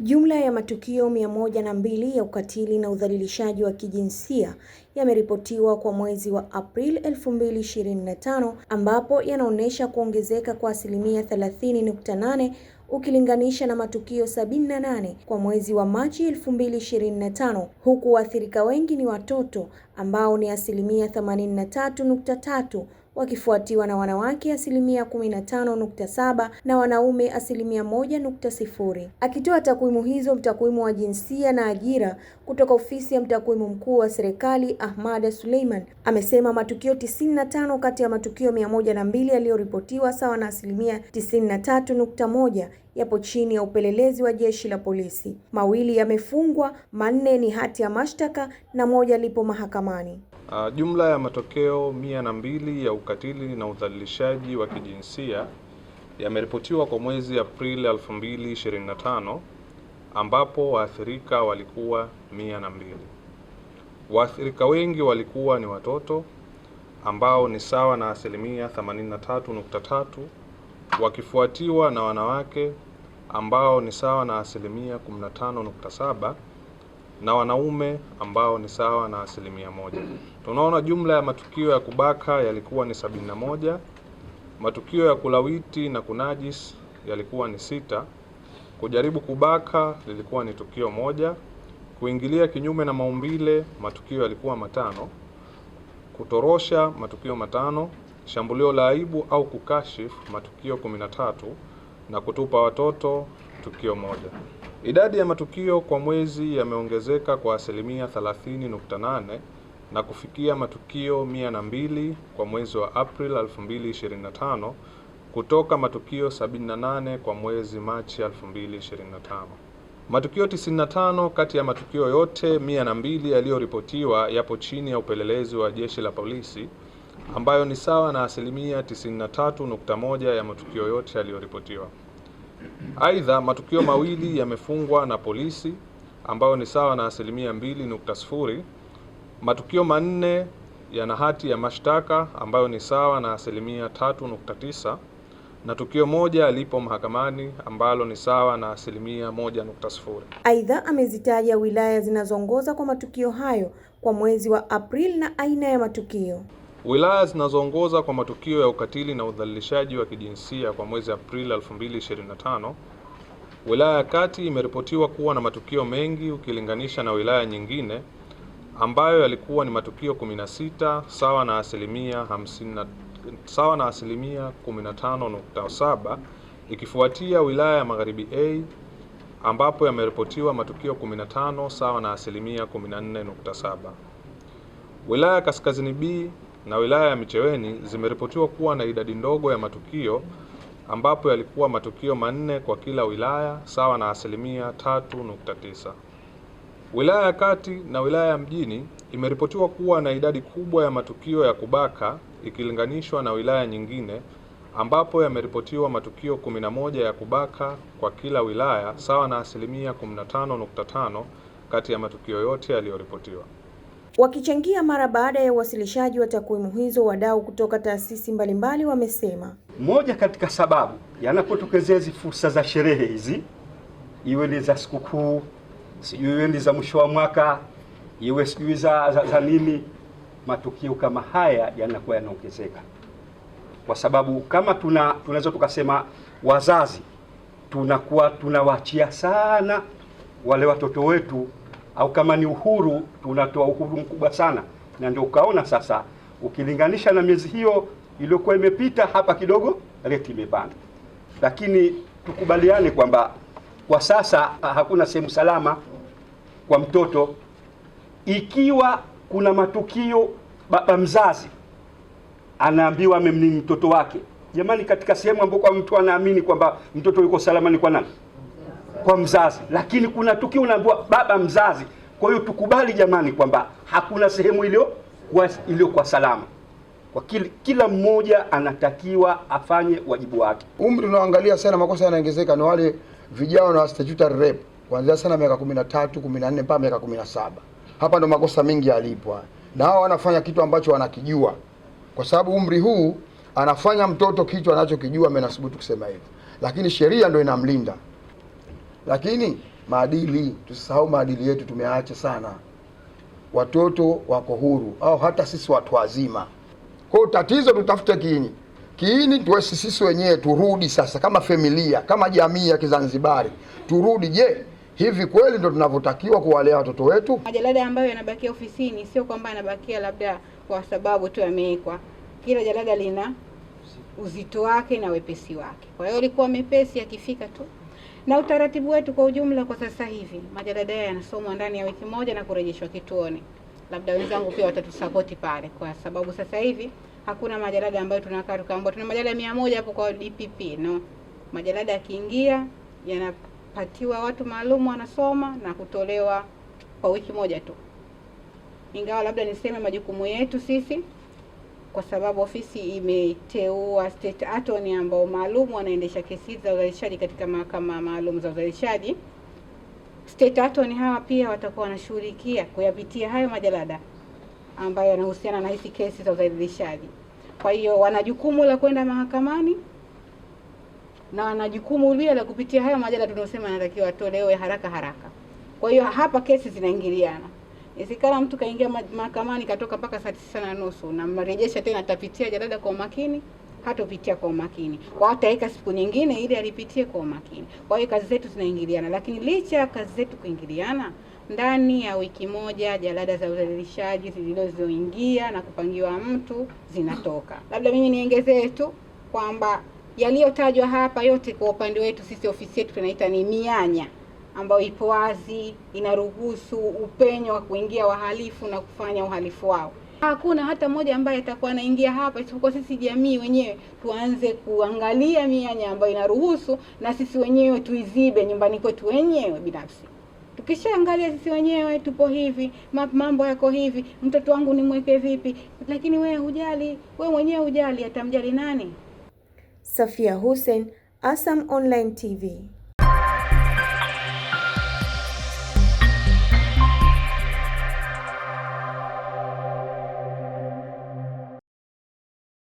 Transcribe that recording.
Jumla ya matukio mia na mbili ya ukatili na udhalilishaji wa kijinsia yameripotiwa kwa mwezi wa Aprili 2025 ambapo yanaonyesha kuongezeka kwa asilimia 30.8 ukilinganisha na matukio 78 kwa mwezi wa Machi 2025, huku waathirika wengi ni watoto ambao ni asilimia 83.3 wakifuatiwa na wanawake asilimia 15.7 na wanaume asilimia 1.0. Akitoa takwimu hizo, mtakwimu wa jinsia na ajira kutoka ofisi ya mtakwimu mkuu wa serikali Ahmada Suleiman amesema matukio 95 kati ya matukio 102 yaliyoripotiwa sawa na asilimia 93.1 yapo chini ya upelelezi wa jeshi la polisi. Mawili yamefungwa, manne ni hati ya mashtaka na moja lipo mahakamani. Uh, jumla ya matokeo mia na mbili ya ukatili na udhalilishaji wa kijinsia yameripotiwa kwa mwezi Aprili 2025 ambapo waathirika walikuwa mia na mbili. Waathirika wengi walikuwa ni watoto ambao ni sawa na asilimia 83.3, wakifuatiwa na wanawake ambao ni sawa na asilimia 15.7 na wanaume ambao ni sawa na asilimia moja. Tunaona jumla ya matukio ya kubaka yalikuwa ni sabini na moja, matukio ya kulawiti na kunajis yalikuwa ni sita, kujaribu kubaka lilikuwa ni tukio moja, kuingilia kinyume na maumbile matukio yalikuwa matano, kutorosha matukio matano, shambulio la aibu au kukashifu matukio 13 na kutupa watoto tukio moja. Idadi ya matukio kwa mwezi yameongezeka kwa asilimia 30.8 na kufikia matukio 102 kwa mwezi wa Aprili 2025 kutoka matukio 78 kwa mwezi Machi 2025. Matukio 95 kati ya matukio yote 102 yaliyoripotiwa yapo chini ya upelelezi wa Jeshi la Polisi ambayo ni sawa na asilimia 93.1 ya matukio yote yaliyoripotiwa. Aidha, matukio mawili yamefungwa na polisi ambayo ni sawa na asilimia mbili nukta sifuri. Matukio manne yana hati ya mashtaka ambayo ni sawa na asilimia tatu nukta tisa na tukio moja lipo mahakamani ambalo ni sawa na asilimia moja nukta sifuri. Aidha, amezitaja wilaya zinazoongoza kwa matukio hayo kwa mwezi wa Aprili na aina ya matukio. Wilaya zinazoongoza kwa matukio ya ukatili na udhalilishaji wa kijinsia kwa mwezi Aprili 2025, wilaya ya Kati imeripotiwa kuwa na matukio mengi ukilinganisha na wilaya nyingine ambayo yalikuwa ni matukio 16 sawa na asilimia 50 sawa na asilimia 15.7, ikifuatia wilaya ya Magharibi A ambapo yameripotiwa matukio 15 sawa na asilimia 14.7. Wilaya ya Kaskazini B na wilaya ya Micheweni zimeripotiwa kuwa na idadi ndogo ya matukio ambapo yalikuwa matukio manne kwa kila wilaya sawa na asilimia 3.9. Wilaya ya Kati na wilaya ya Mjini imeripotiwa kuwa na idadi kubwa ya matukio ya kubaka ikilinganishwa na wilaya nyingine ambapo yameripotiwa matukio 11 ya kubaka kwa kila wilaya sawa na asilimia 15.5 kati ya matukio yote yaliyoripotiwa. Wakichangia mara baada ya uwasilishaji wa takwimu hizo, wadau kutoka taasisi mbalimbali wamesema moja katika sababu yanapotokezea hizi fursa za sherehe hizi, iwe ni za sikukuu, sijui iwe ni za mwisho wa mwaka, iwe sijui za, za, za nini, matukio kama haya yanakuwa yanaongezeka, kwa sababu kama tuna tunaweza tukasema wazazi tunakuwa tunawaachia sana wale watoto wetu au kama ni uhuru, tunatoa uhuru mkubwa sana, na ndio ukaona sasa ukilinganisha na miezi hiyo iliyokuwa imepita, hapa kidogo reti imepanda, lakini tukubaliane kwamba kwa sasa ah, hakuna sehemu salama kwa mtoto. Ikiwa kuna matukio, baba mzazi anaambiwa amemnini mtoto wake, jamani, katika sehemu ambapo mtu anaamini kwamba mtoto yuko salama, ni kwa nani? kwa mzazi, lakini kuna tukio unaambiwa baba mzazi. Kwa hiyo tukubali jamani, kwamba hakuna sehemu iliyo kwa salama kwa kila, kila mmoja anatakiwa afanye wajibu wake. Umri unaoangalia sana, makosa yanaongezeka ni wale vijana na statutory rape kuanzia sana miaka 13, 14 mpaka miaka 17. Hapa ndo makosa mengi yalipwa, na hao wanafanya kitu ambacho wanakijua, kwa sababu umri huu anafanya mtoto kitu anachokijua. Amenasubutu kusema hivyo, lakini sheria ndo inamlinda lakini maadili, tusisahau maadili yetu tumeacha sana. Watoto wako huru au hata sisi watu wazima. Kwa tatizo tutafute kiini, kiini tuwe sisi wenyewe. Turudi sasa kama familia, kama jamii ya Kizanzibari, turudi. Je, hivi kweli ndo tunavyotakiwa kuwalea watoto wetu? Majalada ambayo yanabakia ofisini, sio kwamba yanabakia labda kwa sababu tu yamewekwa. Kila jalada lina uzito wake na wepesi wake, kwa hiyo likuwa mepesi akifika tu na utaratibu wetu kwa ujumla. Kwa sasa hivi majarada yanasomwa ndani ya wiki moja na kurejeshwa kituoni. Labda wenzangu pia watatusapoti pale, kwa sababu sasa hivi hakuna majarada ambayo tunakaa tukaambiwa tuna majalada mia moja hapo kwa DPP. No, majarada yakiingia yanapatiwa watu maalum wanasoma na kutolewa kwa wiki moja tu, ingawa labda niseme majukumu yetu sisi kwa sababu ofisi imeteua state attorney ambao maalum wanaendesha kesi za uzalishaji katika mahakama maalum za uzalishaji State attorney hawa pia watakuwa wanashughulikia kuyapitia hayo majalada ambayo yanahusiana na hizi kesi za uzalishaji Kwa hiyo wana jukumu la kwenda mahakamani na wana jukumu pia la kupitia hayo majalada tunayosema yanatakiwa atolewe haraka haraka. Kwa hiyo hapa kesi zinaingiliana. Isi mtu kaingia mahakamani katoka mpaka saa tisa na nusu, namrejesha tena, atapitia jalada kwa umakini, hatopitia kwa umakini, kwa ataweka siku nyingine ili alipitie kwa umakini. Kwa hiyo kazi zetu zinaingiliana, lakini licha ya kazi zetu kuingiliana, ndani ya wiki moja jalada za udhalilishaji zilizoingia na kupangiwa mtu zinatoka. Labda mimi niongezee tu kwamba yaliyotajwa hapa yote kwa upande wetu sisi, ofisi yetu tunaita ni mianya ambayo ipo wazi, inaruhusu upenyo wa kuingia wahalifu na kufanya uhalifu wao. Hakuna hata mmoja ambaye atakuwa anaingia hapa, isipokuwa sisi jamii wenyewe tuanze kuangalia mianya ambayo inaruhusu, na sisi wenyewe tuizibe nyumbani kwetu wenyewe binafsi. Tukishaangalia sisi wenyewe tupo hivi, mambo yako hivi, mtoto wangu nimweke vipi? Lakini wewe hujali, wewe mwenyewe hujali, atamjali nani? Safia Hussein, ASAM Online TV.